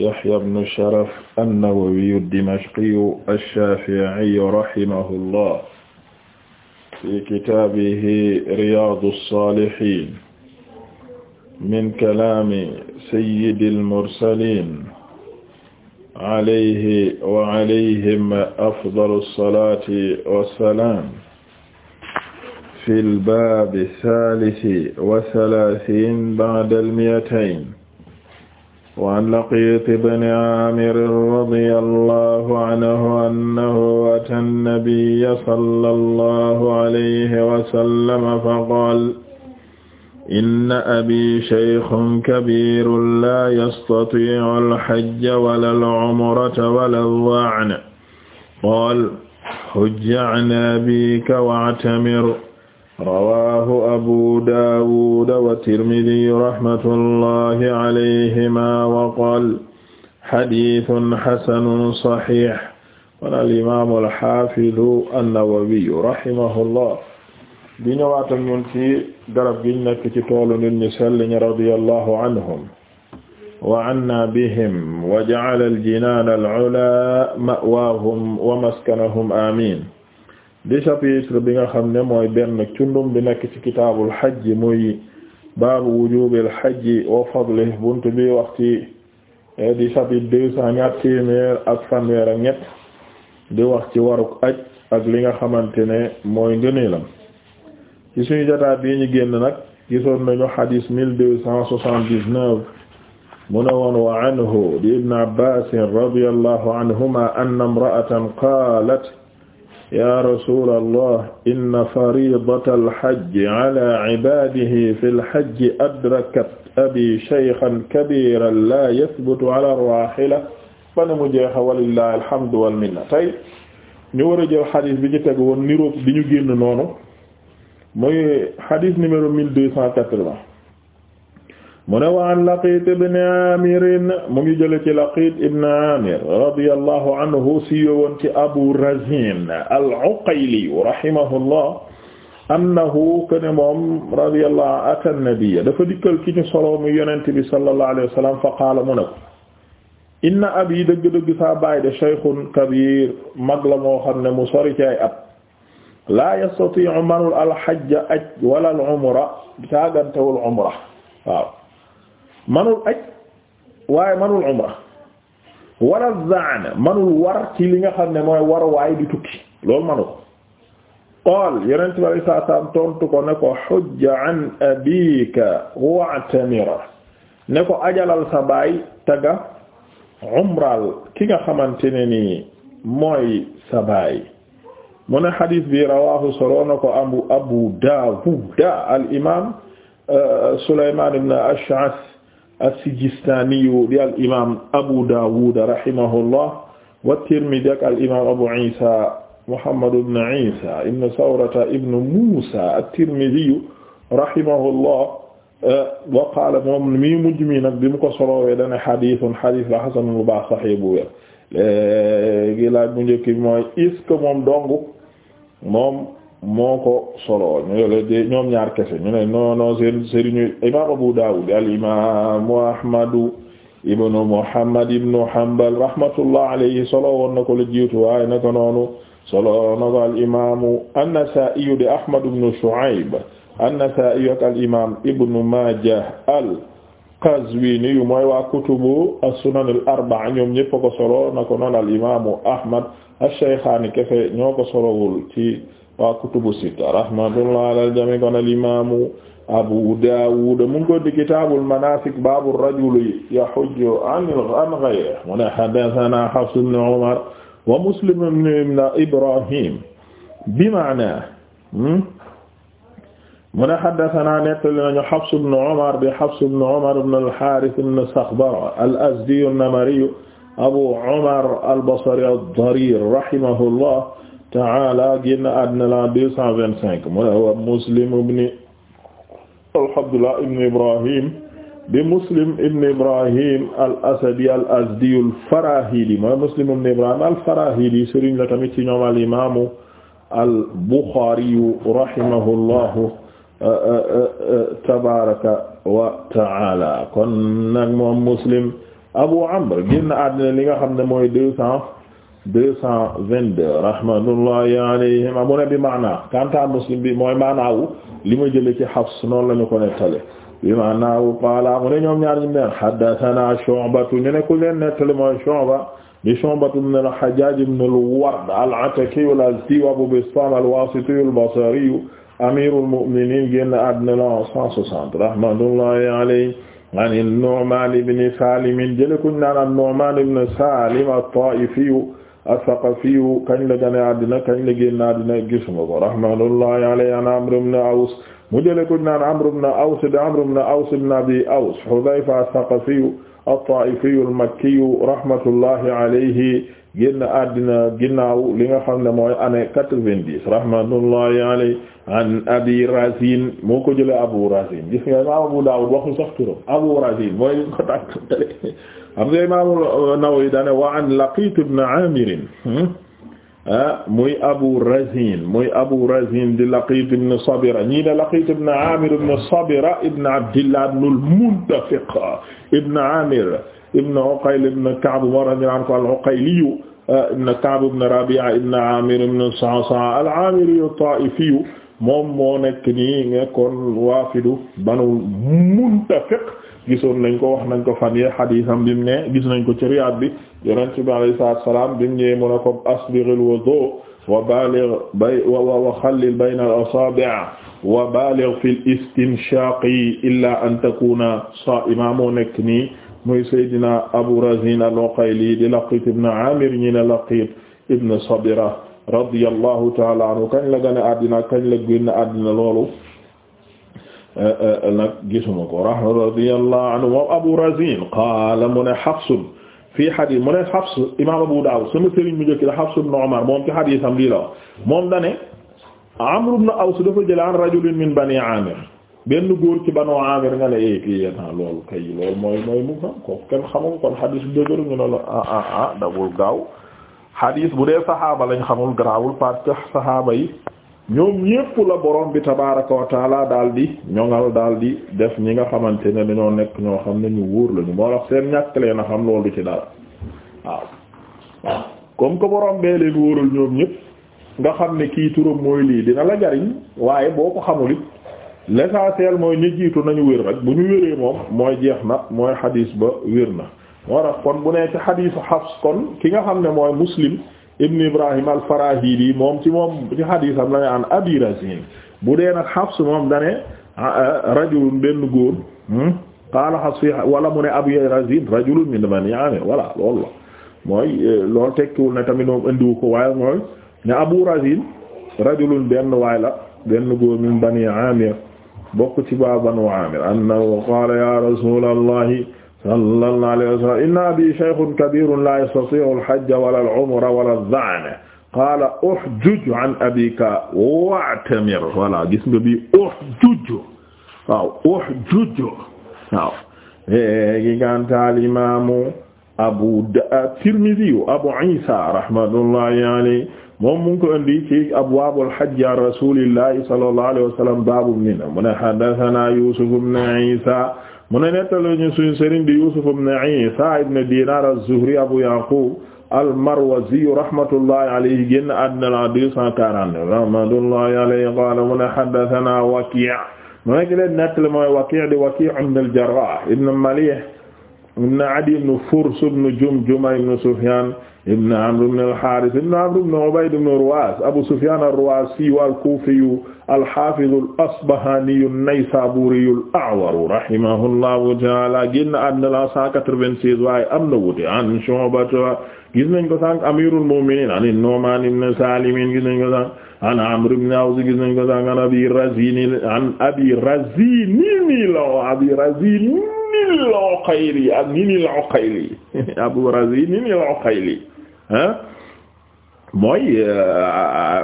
Yahya ibn Sharaf an-Nawawi ad-Dimashqi ash-Shafi'i rahimahullah fi kitaabihi Riyaadu s-Saalihiin min kalaami sayyidil mursaliin alayhi wa alayhim afdalu s-salaati wa s-salaam fil baabi s-saalisi wa s-salaasiin ba'da l-mi'atayn waan Laqiit ibn Aamir radiyallahu anhu annahu ataa nabiyya sallallahu alayhi wa sallam faqaala inna abii shaykhun kabiirun laa yastatii'u al-hajja wala al-umrata wala ad-da'na qaala hujj 'an abiika wa'tamir rawaahu Abuu Daawuud wa Tirmidhii rahmatullahi alayhi alayhima wa qaal xadiisun xasanun saxiix kon al imaamu al xaafidu an-Nawawiyu rahimahullah di ñëwaat ak ñun ci garab gi ñu nekk ci toolu nit ñu sell ñi radiyallahu anhum wa anna bihim wa ja'ala al-jinaana al-'ulaa ma'waahum wa maskanahum amiin di chapitre bi nga xam ne mooy benn cundum bi nekk ci kitaabul hajj muy baabu wujubil hajji wa fadlihi bunt bi waxti di chapitre deux cent ñaar téeméer ak ak ñett di wax ci waruk aj ak li nga xamante ne mooy ngëneelam ci suñu jotaat bi ñu génn nag gisoon nañu xadis mille deux cent soixante-dix-neuf mu ne woon wa anhu di ibn abbasin radiyallahu anhuma anna imra'atan qalat yaa rasulallah inna faridatal hajji ala cibaadihi fil hajji adrakat abi shaykhan kabiiran laa yathbutu ala raahila ba na mu jeexa walillahi alhamdu wal minna tey ñu war a jël xadis bi ci teg woon niroog bi ñu génn noonu muy xadis numéro mille deux cent quatre-vingts mu ne waan Laqiit ibn Aamir mu ngi jële ci Laqiit ibn Aamir radiyallahu anhu siiwoon ci Abu Razin al-Uqayli rahimahullah annahu kaana moom radiyallahu ata nabiyya dafa dikkal ki ñu solo mu yonent bi sallallahu alayhi wa sallam fa qaala mu ne ko inna abi dëgg-dëgg saa baay de shaykhun kabiir mag la moo xam ne mu sori ci ay at laa yastatii'u manul al-hajja aj wala al-umra saagantewul umra waaw manul aj waaye manul umra wala zaana manul war ci li nga xam ne mooy war waaye di tukki loolu manu ko qaal yonent bi salaam tontu ko ne ko hujja an abika wa'tamira ne ko ajalal sa baay taga umraal ki nga xamante ne nii mooy sa baay mu ne xadis bi rawaahu solo na ko abu abu daawuda al imaam euh, Sulaymaan ibn Ash'ath as-Sijistaaniyu di al imaam Abu Daawud rahimahullah wa Tirmidi ak al imaam Abu Iisa Muhammad ibn Iisa ibn Sawrata ibn Muusa at-Tirmidiyu rahimahullah eh, wa qaala moom mi mujj mi nag bi mu ko soloowee dana xadiisun xadiis la xasan bu baax saxiix bu wér léegi laaj bu njëkk bi mooy est-ce que moom dong moom. moo ko solo ñu ne ñoom ñaar kese ñu ne non non seen sëriñu imam Abu Dawud al imam Ahmad ibn Muhammad ibn Hanbal rahmatullah alayhi solo woon na ko la jiitu waaye naka noonu solo na ko al imam an-Nasa'i de Ahmad ibn Shu'ayb an-Nasa'i ak al imam Ibn Majah al Qazwini yu mooy waa kutubu as-sunan al-arba'a ñoom ñëpp ko solo na ko noon al imaamu Ahmad ash-Shaykhani kefe ñoo ko solowul ci waa kutubu sitta rahmatullah ala al-jami' kon al imaamu Abu Dawud mu ngi ko di kitaabul manasik baabu rajuli yahujju an ghayrihi mu ne haddathana Hafs ibn Umar wa Muslim ibn Ibrahim bi ma'na hmm? mu ne haddasanaa nettali nañu Hafs ibn Umar bi Hafs ibn Umar ibn al-Haarith ibn Saxbar al-Azdi an-Namari Abu Umar al-Basri ad-Darir rahimahullah ta'ala génn àddina la 225 mu ne wa Muslim ibn Abdullah ibn Ibrahim bi Muslim ibn Ibrahim al-Asadi al-Azdi al-Farahidi mooy Muslim ibn Ibrahim al-Farahidi sëriñ la tamit ci ñoom al-Imaamu al-Buxaari rahimahullah tabaraka wa taala kon nag moom muslim abu amr génn àddina li nga xam ne mooy deux cent deux cent vingt-deux rahmatullahi alayhim amu ne bi maana kanta muslim bi mooy maanaawu li ma jële ci Hafs noonu la ñu ko nettale bi maanaawu qaala mu ne ñoom ñaar ñu ne haddathana Shu'batu ñu ne ku leen nettale mooy Shu'ba di Shu'batu ibn al-Hajjaj ibn al-Ward al-Ataki al-Azdi Abu Bistam al-Wasiti al-Basri amirul mu'minin génn àddina la 160 rahmatullahi alayhi an an-Nu'man ibn Salim jële kuñ naan an-Nu'man ibn Salim at-Ta'ifi as-Saqafi kañ la gane àddina kañ la génn àddina gis nga ko rahmatullahi alayhi an Amr ibn Aws mu jële kuñ naan Amr ibn Aws de Amr ibn Aws ibn Abi Aws Hudhayfa as-Saqafi at-Ta'ifi al-Makki rahmatullahi alayhi génn àddina ginnaaw li nga xam ne mooy année quatre-vingt-dix rahmatullahi alayhi an abi razin moo ko jële abu razin gis nga imaam abu daawud waxul sax turam abu razin mooy li ko tàkk tele xam nga imaam an-nawawi dane wa an laqit ibn amir hmm? ah muy abu razin muy abu razin di laqit ibn sabira ñii ne laqit ibn amir ibn sabira ibn abdillah ibn al-muntafiq ibn amir ibn Uqayl ibn Ka'b radiyallahu anhu al-Uqayli ibn Ka'b ibn Rabi'a ibn Amir ibn Sa'sa'a al-Amiri at-Ta'ifi moom moo nekk nii nekkoon waafidu Banu Muntafiq gisoon nañ ko wax nañ ko fan yee xadiisam bi mu ne gis nañ ko ci Riyaad bi Yonent bi alayhi salaatu wa salaam bi mu ñëwee mën a ko asbighil wudu' wa baaligh bay wa xallil bayna al-asaabi' wa baaligh fil istinshaq illaa an takuuna saa'iman moo nekk nii muy Seydina Abu Razin al-Uqayli di Laqit ibn Amir ñi ne Laqit ibn Sabira radiyallahu ta'ala anhu kañ la gën a addina kañ la génn addina loolu eh, eh, nag gisuma ko rahma radiyallahu anhu moom Abu Razin qaala mu ne Hafs fii hadith mu ne Hafs imaam Abu Dawud sama sëriñ mu njëkk la Hafs ibn Umar moom ci hadith am lii la moom da ne Amr ibn Aws dafa jël an rajulin min Bani Amir benn góor ci Banu Aamir nga ne eh kii yéen loolu kay loolu mooy mooy mu ko ko kenn xamul kon xadis ah, ah, ah, bu dëgër dee saxaaba lañ xamul garaawul parce que saxaaba yi ñoom ñépp la borom bi tabaaraka wa taala di ñoŋal daal di def ñi nga xamante ne dañoo nekk ñoo xam ne ñu wóor lañu moo tax seen ñàkk leen a xam loolu ci dara waaw waaw comme que borom bee leen wóoral ñoom ñépp nga xam ne kii turam mooy lii dina la jariñ waaye boo ko xamul l'essentiel mooy ñu jiitu nañu wér rek bu ñu wéree moom mooy jeex na mooy xadiis ba wér na moo tax kon bu nee ci xadiisu Hafs kon ki nga xam ne mooy Muslim ibn Ibrahim al-Farahidi moom ci moom ci xadiisam la nga an Abi Razin bu dee nag Hafs moom dane rajulun benn góor hmm? qaala Hafs wala mu ne Abi Razin rajulun min Bani Amir voilà loolu la mooy e, loolu tekkiwul ne tamit moom ko waaye mooy ne Abu Razin rajulun benn waay la benn góor min Bani Amir bokk ci waa Banu Aamir annahu qaala ya rasulallahi sallallahu alayhi wa sallam inna abi shaykhun kabirun la yastati'u al-hajja wala al-umrata wala ad-da'na qaala uhjuj an abika wa'tamir voilà gis nga bi uhjuj waaw uhjuj waaw léegi gantaal imaamu Abu Tirmidhi Abu Isa rahmatullahi alayhi moom mu ngi ko indi ci abwaabul hajj an rasuulillahi sallallahu alayhi wa sallam baabu mu ne mu ne haddasanaa Yuusuf ibn Iisaa mu ne nettali ñu suñu sëriñ bi Yuusuf ibn Iisaa ibn Diinaar az-Zuhri Abu Yaquub al-Marwazi rahmatullahi alayhi génn àddina la 249 rahmatullahi alayhi qaala mu ne haddasanaa Wakii' mu ne ki leen nettali mooy Wakii' di Wakii' ibn al-Jarraah ibn Maliih ibn Adi ibn Furs ibn Jumjuma ibn Sufyan ibn Amr ibn al-Harith ibn Amr ibn Ubayd ibn Ruwas Abu Sufyan ar-Ruwasi wal-Kufi al-Hafiz al-Asbahani an-Naysaburi al-A'war rahimahullahu ta'ala génn àddina la 196 waaye am na wuute an Shu'ba gis nañ ko sànq Amirul Mu'minin an Nu'man ibn Salim gis nañ ko sànq an Amr ibn Aws gis nañ ko sànq an Abi Razin an Abi Razin ni la Abi Razin nil Uqayli ak ni nil Uqayli Abu Razi ni nil Uqayli ah mooy euh, euh,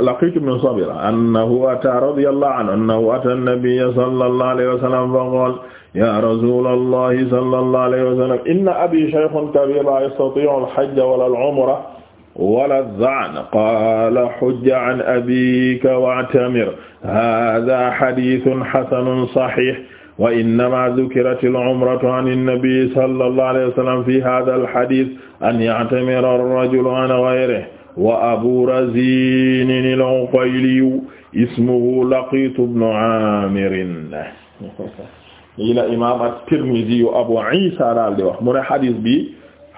laqiitu ibn Sabira annahu ataa radiyallahu anhu annahu ataa an-nabiyya sallallahu alayhi wa sallam fa qaala yaa rasuulallahi sallallahu alayhi wa sallam inna abii shaykhun kabiirun laa yastatii'u al-hajja wa laa al-umrata wala zaan qaala xujja an abiika wa'tamir haaza hadiisun hasanun saxiix wa innama dhukirati al-umratu an an-nabi sallallahu alayhi wa sallam fi hadha al-hadith an ya'tamira ar-rajulu an ghayrihi wa abu razin al-uqayli ismuhu laqit ibn amir lii la imam at-tirmidhi abu isa daal di wax mu ne xadis bi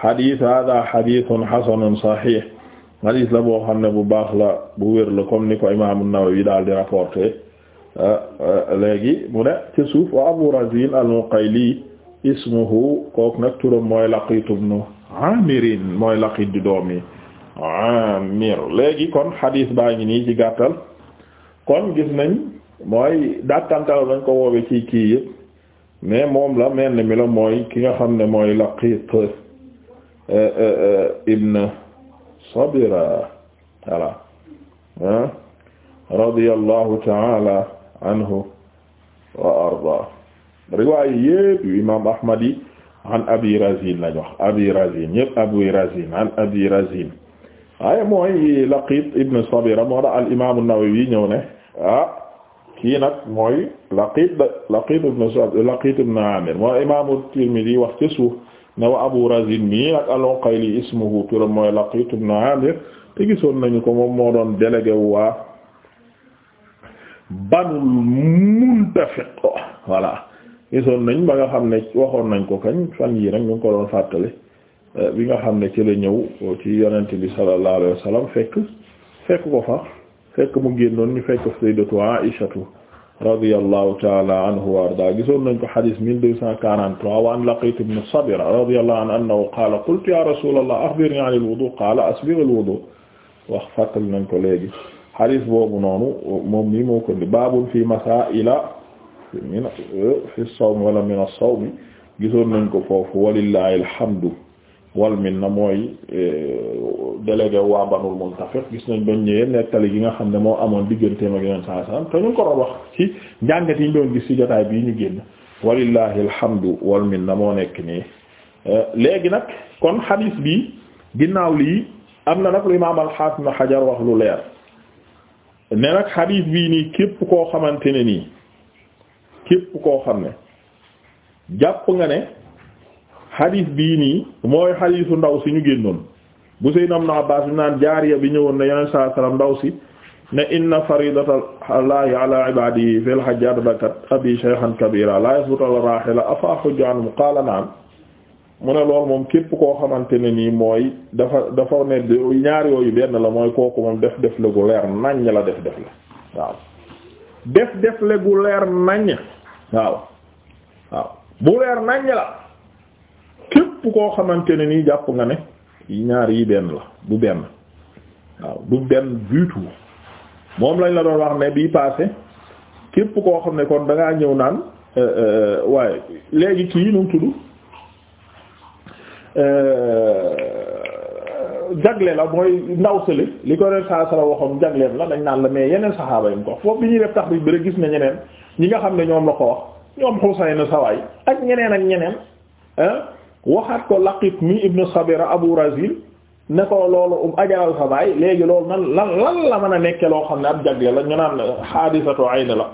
xadis hada xadisun xasanun saxix xadis la boo xam ne bu baax la bu wér la comme ni ko imam an-nawawi daal di rapporté Euh, euh, léegi mu ne ci suuf wa Abu Razin al-Uqayli ismuhu kook nag turam mooy Laqit ibn Amir mooy Laqit di doomi Amir léegi kon xadiis baa ngi nii ci gàttal kon gis nañ mooy dàkkantal nañ ko woowe ci kii yëpp moom la mel ni milo mooy ki nga xam ne mooy Laqit euh, ibn Sabira voilà radiyallahu ta'ala anhu wa arda riwaaya yépp imam ahmad yi an abi razin lañ wax abi razin yépp abi razin an abi mooy laqit ibn sabira moo al imam an-nawawi ñëw ne ah nag mooy laqit laqit ibn sabira laqit ibn amir mooy imam at-tirmidhi wax ci suuf ne wa abu razin mii nag al-uqayli ismuhu turam mooy laqit ibn amir te gisoon nañu ko moom moo doon banul muntafiq voilà gisoon nañ ba nga xam ne waxoon nañ ko kañ fan yii rek ñu ngi ko doon fàttali eh, bi nga xam ne ci la ñëw ci yonent bi sallallahu alayhi wa sallam fekk fekk ko fa fekk mu génnoon ñu fekk sayyidatu Aishatu radiyallahu ta'ala anhu wa arda gisoon nañ ko hadis 1243 wa an laqit ibn Sabira radiyallahu anhu annahu qaala qultu ya rasulallah akhbirni 'an al-wudu' qaala asbigh al-wudu' wax fàttali nañ ko léegi xadis boobu noonu moom nii moo ko di baabul fi masaila min fi sawmi wala min as-sawmi gisoon nañ ko foofu walillahi alhamdu wal minna mooy e, délégué waa banul muntafiq gis nañ bañ ñëwee nettali gi nga xam ne moo amoon digganteem ak yeneen saa saa te ñu ngi ko doon wax ci njàngat yi ñu doon gis ci jotaay bii ñu génn walillahi alhamdu wal minna moo nekk nii e, léegi nag kon xadis bi ginnaaw lii am na nag lu imaam al-Hafiz Ibn Hajar wax lu leer. ne nag xadiis bii nii képp koo xamante ne nii képp koo xam ne jàpp nga ne xadiis bii nii mooy xadiisu ndaw si ñu génnoon bu Seydina Ibn Abbaas bi naan jaariya bi ñëwoon ne yeneen saa salaam ndaw si ne inna faridatallahi ala ibadihi fil hajj adbakat abi shaykhan kabira la yasbutu ala rahila afa hujju anhu qaala na'am mu ne loolu moom képp koo xamante ne nii mooy dafa dafa ne ñaar yooyu benn la mooy kooku moom def def la gu leer naññ la def def la waaw def def la gu leer naññ waaw waaw bu leer naññ la képp koo xamante ne nii jàpp nga ne ñaar yi benn la du benn waaw du benn du tout moom lañ la doon wax ne bii passé képp koo xam ne kon da ñëw naan euh, euh, waaye léegi kii nu tudd. Euh, jagle la mooy ndaw sële li ko ren saa sara waxoon jagleem la dañ naan la mais yeneen saxaaba yi mu ko foofu bi ñuy def tax bi bëri gis na ñeneen ñi nga xam ne ñoom la ko wax ñoom Husayn sawaay ak ñeneen ak ñeneen ah, waxaat ko laqit mi ibnu sabira abu razil ne ko loolu um ajaral sa baay léegi loolu nan lan lan la mën a nekke loo xam ne ab jagle la ñu naan xaadisatu ayn la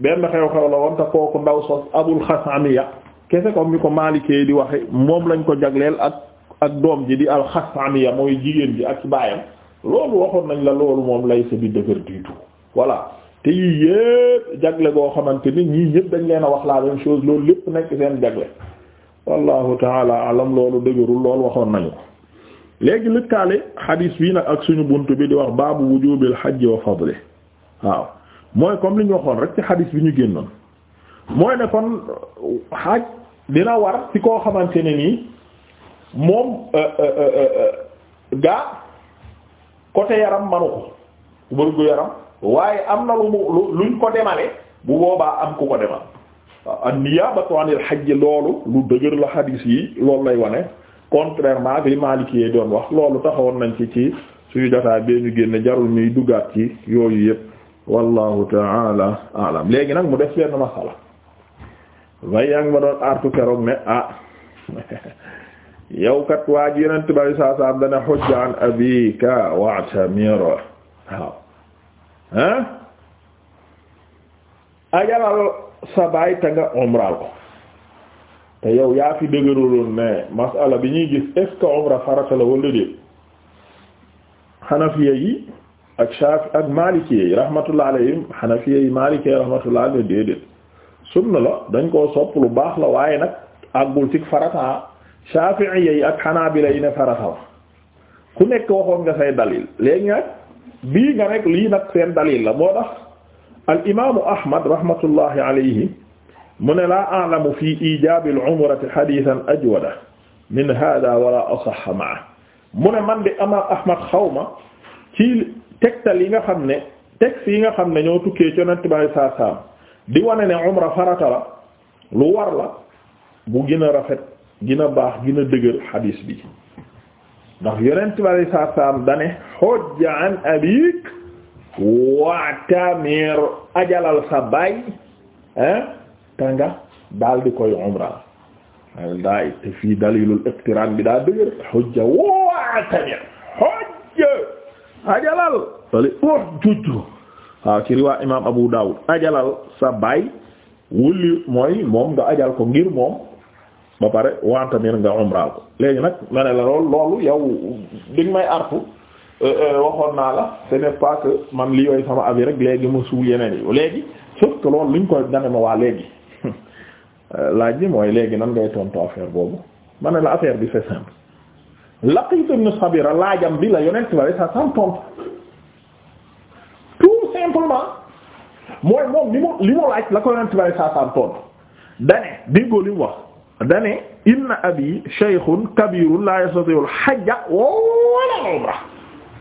benn xew-xew la woon te kooku ndaw sos abul xasamiya kese comme ni ko maalikee di waxe moom lañ ko jagleel ak ak doom ji di alxasaniya mooy jigéen bi ak baayam loolu waxoon nañ la loolu moom lay sa bi dëgër du tout voilà te yii yëpp jagle goo xamante ni ñii ñëpp dañ leen a wax la même chose loolu lépp nekk seen jagle wallahu taala alam loolu dëgërul lool waxoon nañu ko léegi lëkkaale xadiis bii nag ak suñu bunt bi di wax baabu wujubil hajji wa fadli waaw mooy comme li ñu waxoon rek ci xadiis bi ñu génnoon mooy dina war ci koo xamante ne nii moom euh, euh, euh, gaa côté yaram manu ko wërgu yaram waaye am na lu mu luñ ko demale bu boobaa am ku ko demal a an niyaabatu anil hajj loolu lu dëgër la hadis yi loolu lay wane contrairement bi li Maliki yi doon wax loolu taxawoon nañ ci ci suñu jotaay bee ñu génne jarul ñuy duggaat ci yooyu yëpp wallahu ta'ala alam léegi nag mu def benn masala way yaa ngi ma doon artu keroog ne ah yow kat waa ji yeneen tubaab yi saa saa am dana hujja an abika wa'tamir waaw ah. ajalal sa baay te umraal ko te yow yaa fi dëgëraloon ne masala bi ñuy gis est ce umra farata la wala déet xanafiya yi ak Shaafi ak Maliki yi yi Maliki yi rahmatullah alayhim sunna la dañ koo sopp lu baax la waaye nag àggul ci farata Shafi'iyya ak ak bi yi ne farata ku nekk waxoon nga say dalil léegi nag bii nga rek lii nag seen dalil la moo tax al imaamu Ahmad rahmatullahi alayhi mu ne la a'lamu fi ijaab al umrati hadithan ajwada min hada wala asahha ma'a mu ne man di ama Ahmad xawma ci tegtal yi nga xam ne texte yi nga xam ne ñoo tukkee ci Yonent saa saam di wane ne umra farata la lu war la bu gën a rafet gën a baax gën a dëgër xadiis bi ndax yonent bi alay salaatu dane hujja an abik waatamir ajalal sa baay hein tanga daal di koy umra daay te fii dalilul iqtiraan bi daa dëgër hujja waatamir hujja ajalal wala uxjuj waaw ci riwaa imaam Abu Dawud ajalal sa baay wulli mooy moom nga ajal ko ngir moom ba pare wante miir nga umraal ko léegi nag mane la loolu loolu yow di may artu euh, euh, waxoon naa la ce n'est pas que man li yooyu sama avis rek léegi mu suul yeneen yi léegi sauf que loolu luñ koy dane ma waa léegi laaj bi mooy léegi nan ngay tontu affaire boobu ma ne la affaire bi c'est simple Laqit ibn Sabira laajam bi la yonent bi sallallahu alayhi wasallam tontu simplement mooy moom li mu li mu laaj la ko yonent bi saa saa dane déggoo li mu wax dane inna abi shaykhun kabirun la yastati'u hajja wala al-umra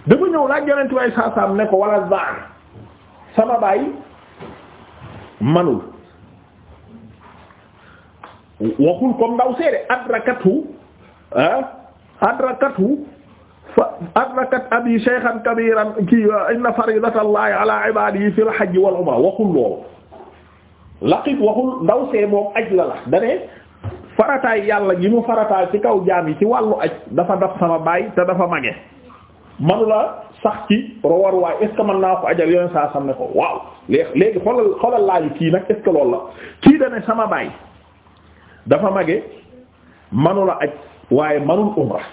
dafa ñëw laaj yonent bi saa saa ne ko wala zaan sama baay manul waxul comme ndaw seede adrakatu ah adrakatu fa adrakat abi shaykhan kabiran ki uh, inna faridatallahi ala ibadihi fil hajji wal umra waxul loolu laqit waxul ndaw see moom aj la la dane farataay yàlla gi mu farataay ci kaw jaam yi ci wàllu aj dafa daf sama baay te dafa mage manu la sax ci rowar waay est ce naa ko ajal yoon saa sam ne ko waaw léegi léegi xoolal laaju kii nag est ce la kii dane sama baay dafa mage manu la aj waaye manul umra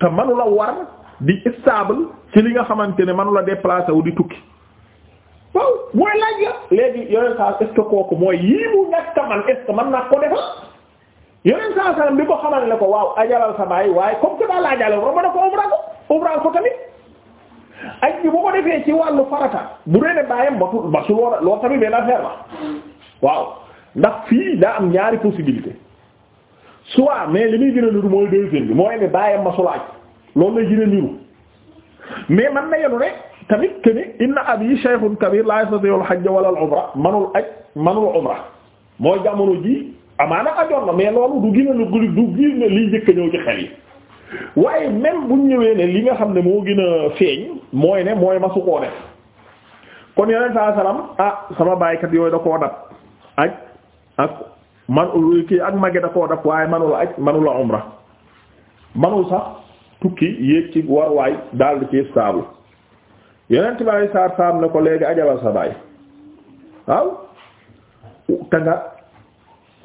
te manula war di stable ci li nga xamante ne manula déplacer wu di tukki waaw mooy laaj la léegi yoneen saa est-ce kooku mooy yii mu ñàkk man est-ce que man naa ko defal yoneen saa saa bi ko xamal ne ko waaw ajalal sa baay waaye comme que daa laajale war ko umra ko umra ko tamit aj bi bu ko defee ci wàllu farata bu dee ne baayam matul masul lool tamit benn affaire la waaw ndax fii daa am ñaari possibilité soit mais li muy gën a niru mooy deuxième bi mooy ne bàyyam ma sulaaj loolu lay gën a mais man na yenu rek tamit que ni inna abi shaykhun kabir la yastati al hajj wala al umra manul aj manul umra mooy jamono ji amaana ajoon na mais loolu du gën a njëkk ñëw ci xel yi waaye même buñ ñëwee ne li nga xam ne moo gën a feeñ mooy ne mooy masu koo def kon yeneen saa salaam ah sama bàyyikat yooyu da koo dab aj man kii ak mage da koo daf waaye manula aj manula umra manul sax tukki yéeg ci war waay daal di ci saabu yeneen tibaay saar saam ne ko léegi ajabal sa baay waaw te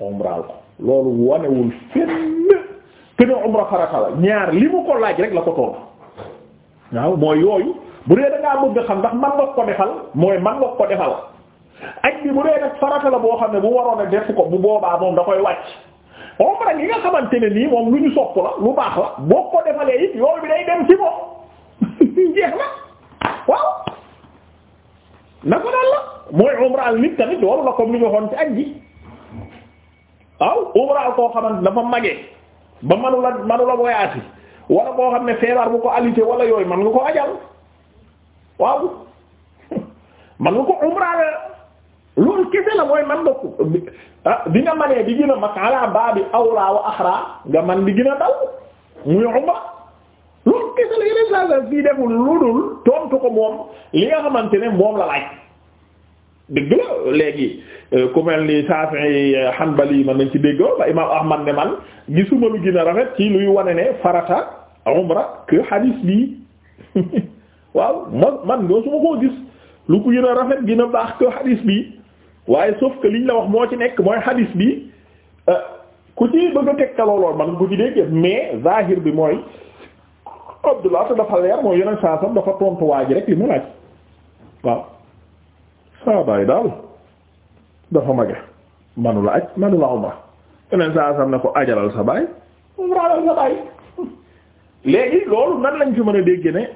umraal ko loolu wanewul fenn kene umra farata ñaar li mu ko laaj rek la ko toll waaw mooy yooyu bu dee da ngaa bëgg xam ndax man nga ko defal mooy man nga ko defal aj bi bu dee nag farata la boo xam ne bu waroon a def ko bu boobaa moom da koy wàcc omra gi nga xamante ne nii moom lu ñu sopp la lu baax la boo ko defalee it yool bi day dem ci moom jeex na waaw na ko daal la mooy umraal nit tamit loolu la ko li ñu waxoon ci aj gi waaw umraal koo xamante dafa magee ba manula manula voyage wala koo xam ne feebar bu ko alité wala yooyu man nga ko ajal waaw man nga ko umraal loolu kese la mooy man bokk ah bi nga manee di gën a mag bi baabi awla wa axra nga man di gën a daw muy umra loolu kese la yeneen saa saa fii deful lu dul tontu ko moom li nga xamante ne moom la laaj dëgg la léegi euh, ku mel ni Shafi'i euh, Hanbali man nañ ci déggoo ba imaam Ahmad ne man gisuma lu gën a rafet ci luy wane ne farata umra que hadith bi waaw man man doo su ma koo gis lu ko gën a rafet gën a baax que hadith bi waaye sauf que liñ la wax moo ci nekk mooy xalis bi euh, ku ci bëgg a tegtaloo lool man ko ci déggee mais zahir bi mooy Abdullah te dafa leer mooy yeneen saa sam dafa tontu waa ji li mu laaj waaw saa baay daal dafa mage manula aj manula umra yeneen saa sam ne ko ajalal sa baay umraalal sa léegi loolu nan lañ fi mën a dégg ne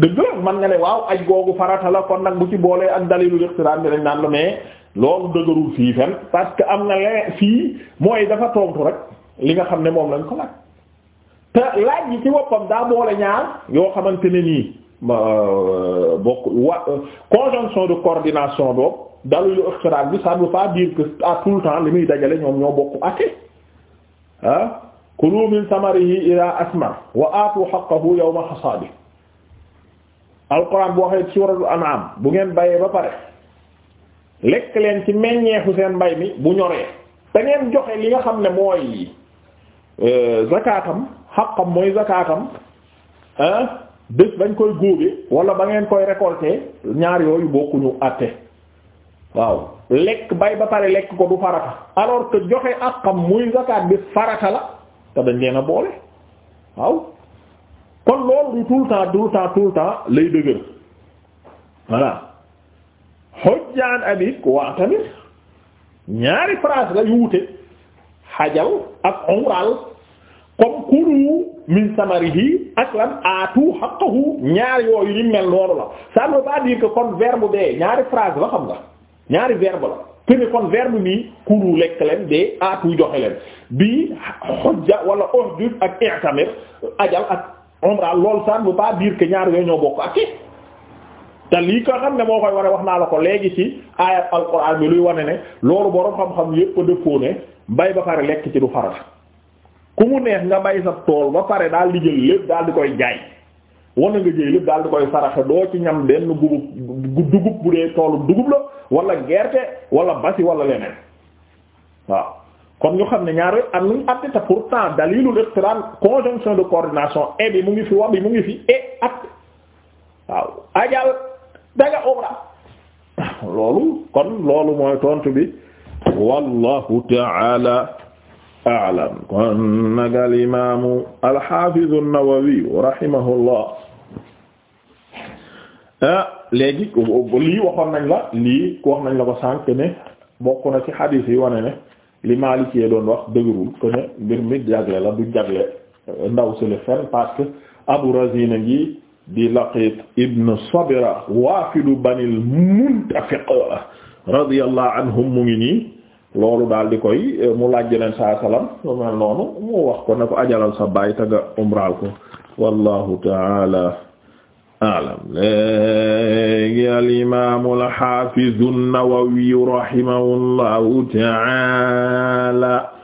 dëgg la man nga ne waaw aj googu farata la kon nag bu ci boolee ak dalilu iqtiraan bi dañ naan la mais loolu dëgërul fii fen parce que am na leen fii mooy dafa tontu rek li nga xam ne moom lañ ko laaj te ci boppam daa ñaar yoo xamante ne nii euh, bokk wa euh, conjonction de coordination boobu dalilu iqtiraan bi ça ne veut pas dire à tout le temps li muy dajale ñoom ñoo bokk ate ah kulu min samarihi ila asmar wa aatu haqqahu yawma hasaadihi alquran bu waxee suuratul an'am bu ngeen bayee ba pare lekk leen ci meññeefu seen mbay mi bu ñoree da joxe li nga xam ne mooy euh, zakaatam xaqam mooy zakaatam ah bés bañ koy góobee wala ba ngeen koy récolter ñaar yooyu bokkuñu àtte waaw lekk bay ba pare lekk ko du farata alors que joxe xaqam muy zakaat bi farata la te dañ leen a boole waaw. kon loolu du tout le temps tout le lay dëgër voilà xojjaan abik waa ñaari phrase la yu wute xajal ak umral comme kulu min samarihi ak lan aatu haqqahu ñaar yooyu ni mel noonu la ça ne veut pas dire que kon verbe bee ñaari phrase la xam nga ñaari verbe la que kon verbe bi kulu lekk leen dee aatu joxe leen bii xojja wala uhjud ak i'tamir ajal ak umra loolu ça ne veut pas dire ñaar yooyu ñoo bokk ak ci te lii ko xam ne moo koy waree wax naa la ko léegi ci aayat alxuraan bi luy wane ne loolu boroom xam-xam yépp a dëppoo ne bay ba pare lekk ci du farata ku mu neex nga bay sa tool ba pare daal di jël lépp daal di koy jaay wana nga jël lépp daal di koy saraxe doo ci ñam benn gubub dugub bu dee toolu dugub la wala gerte wala basi wala leneen waaw kon ñu xam ne ñaar yëpp am nañu àtte te pourtant dalilul conjonction de coordination et bi mu ngi fi wax bi mu ngi fi et at waaw ajal daga umra loolu kon loolu mooy tontu bi wallahu ta'ala a'lam kon naga al imaamu al hafiz an-Nawawi rahimahullah ah, léegi lii waxoon nañ la lii wax nañ la ko sànk ne bokk na ci hadith yi wane ne li Maliki yee doon wax dëgërul ko ne mbir mi jagle la du jagle euh, ndaw si le fen parce Abu Razina ngi di Laqit ibn Sabira waafidu Banil Muntafiq radiyallahu anhum mu ngi nii loolu daal di koy euh, mu laaj salaam mel noonu mu wax ko ne ko ajalal sa te nga umraal ko wallahu taala alam léegi alimamu alxafizu Nawawi rahimahullahu taala